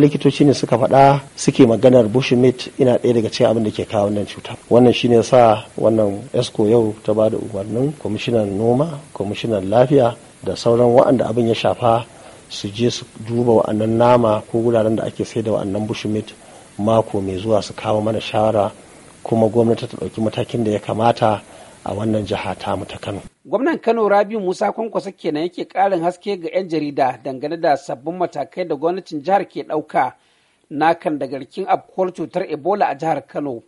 wasu likitoci ne suka faɗa suke maganar meat ina ɗaya daga cikin abin da ke kawo wannan cuta wannan shine sa wannan esco yau ta ba da umarnin kwamishinan noma kwamishinan lafiya da sauran wa'anda abin ya shafa su je su duba wa'annan nama ko wuraren da ake sai da wa'annan meat mako mai zuwa su kawo mana shawara kuma gwamnati ta ɗauki matakin da ya kamata a wannan jiha mu ta Kano. Gwamnan Kano Rabiu Musa Kwankwasa kenan yake ƙarin haske ga 'yan jarida dangane da sabbin matakai da gwamnatin jihar ke ɗauka na kan daga rikin afkuwar cutar Ebola a jihar Kano.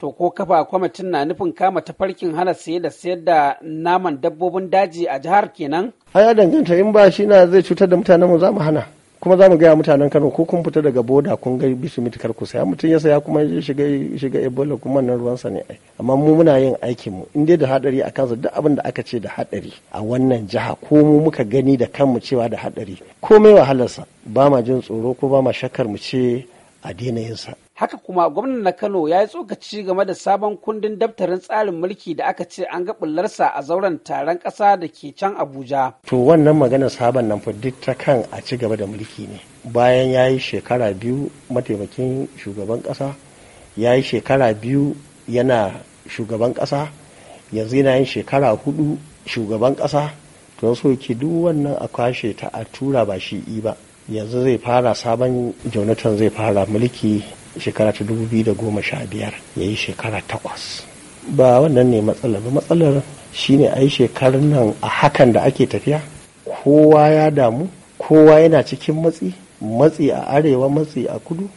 To ko kafa kwamitin na nufin kama ta farkin hana saye da sayar da naman dabbobin daji a jihar kenan? Ai danganta in ba shi na zai cutar da mutanen mu za mu hana. kuma za mu gaya mutanen kano ko kun fita daga boda kun ga bisimit kar ku saya mutum ya saya kuma ya shiga shiga ebola kuma nan sa ne ai amma mu muna yin aikin mu in dai da hadari a kansa duk abin da aka ce da hadari a wannan jiha ko mu muka gani da kanmu cewa da hadari komai wahalarsa ba ma jin tsoro ko ba ma shakkar mu ce a daina yinsa haka kuma gwamnan na kano ya yi tsokaci game da sabon kundin daftarin tsarin mulki da aka ce an ga bullarsa a zauren taron ƙasa da ke can abuja to wannan maganar sabon nan fa duk ta kan a ci gaba da mulki ne bayan ya yi shekara biyu mataimakin shugaban ƙasa ya yi shekara biyu yana shugaban ƙasa yanzu yana yin shekara hudu shugaban ƙasa to so yake duk wannan a kwashe ta a tura ba shi ba yanzu zai fara sabon jonathan zai fara mulki shekara ta dubu biyu da goma sha biyar ya yi shekara takwas ba wannan ne matsalar ba matsalar shine a yi shekarun nan a hakan da ake tafiya kowa ya damu kowa yana cikin matsi matsi a arewa matsi a kudu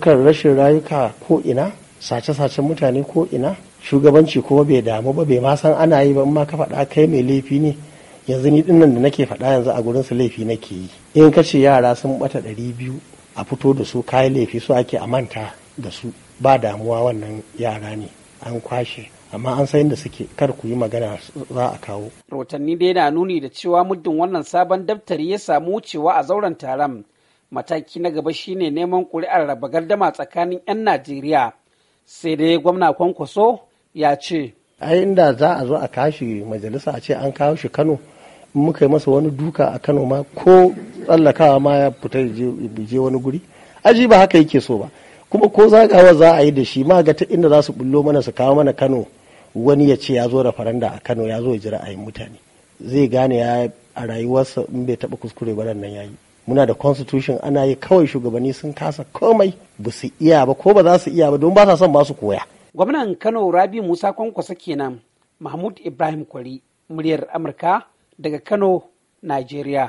kan rashin rayuka ko ina sace-sacen mutane ko ina shugabanci kuma bai damu ba bai ma san ana yi ba ma ka faɗa kai mai laifi ne yanzu ni dinnan da nake faɗa yanzu a gurin su laifi nake yi in ka ce yara sun bata ɗari biyu a fito da su kayan laifi su ake a manta da su ba damuwa wannan yara ne an kwashe amma an san da suke kar ku yi magana za a kawo. Rotanni dai na nuni da cewa muddin wannan sabon daftari ya samu wucewa a zauren taron mataki na gaba shine neman ƙuri'ar raba gardama tsakanin 'yan Najeriya sai dai gwamna kwankwaso ya ce. A inda za a zo a kashi majalisa a ce an kawo shi Kano muka yi masa wani duka a Kano ma ko tsallakawa ma ya fita je wani guri aji ba haka yake so ba kuma ko zagawa za a yi da shi ma ga ta inda za su bullo mana su kawo mana Kano wani ya ce ya zo da faranda a Kano ya zo ya ji ra'ayin mutane zai gane ya a rayuwarsa in bai taba kuskure ba nan yayi muna da constitution ana yi kawai shugabanni sun kasa komai ba su iya ba ko ba za su iya ba don ba sa son ba su koya gwamnan Kano Rabi Musa Kwankwasa kenan Mahmud Ibrahim Kwari muryar Amurka daga Kano Najeriya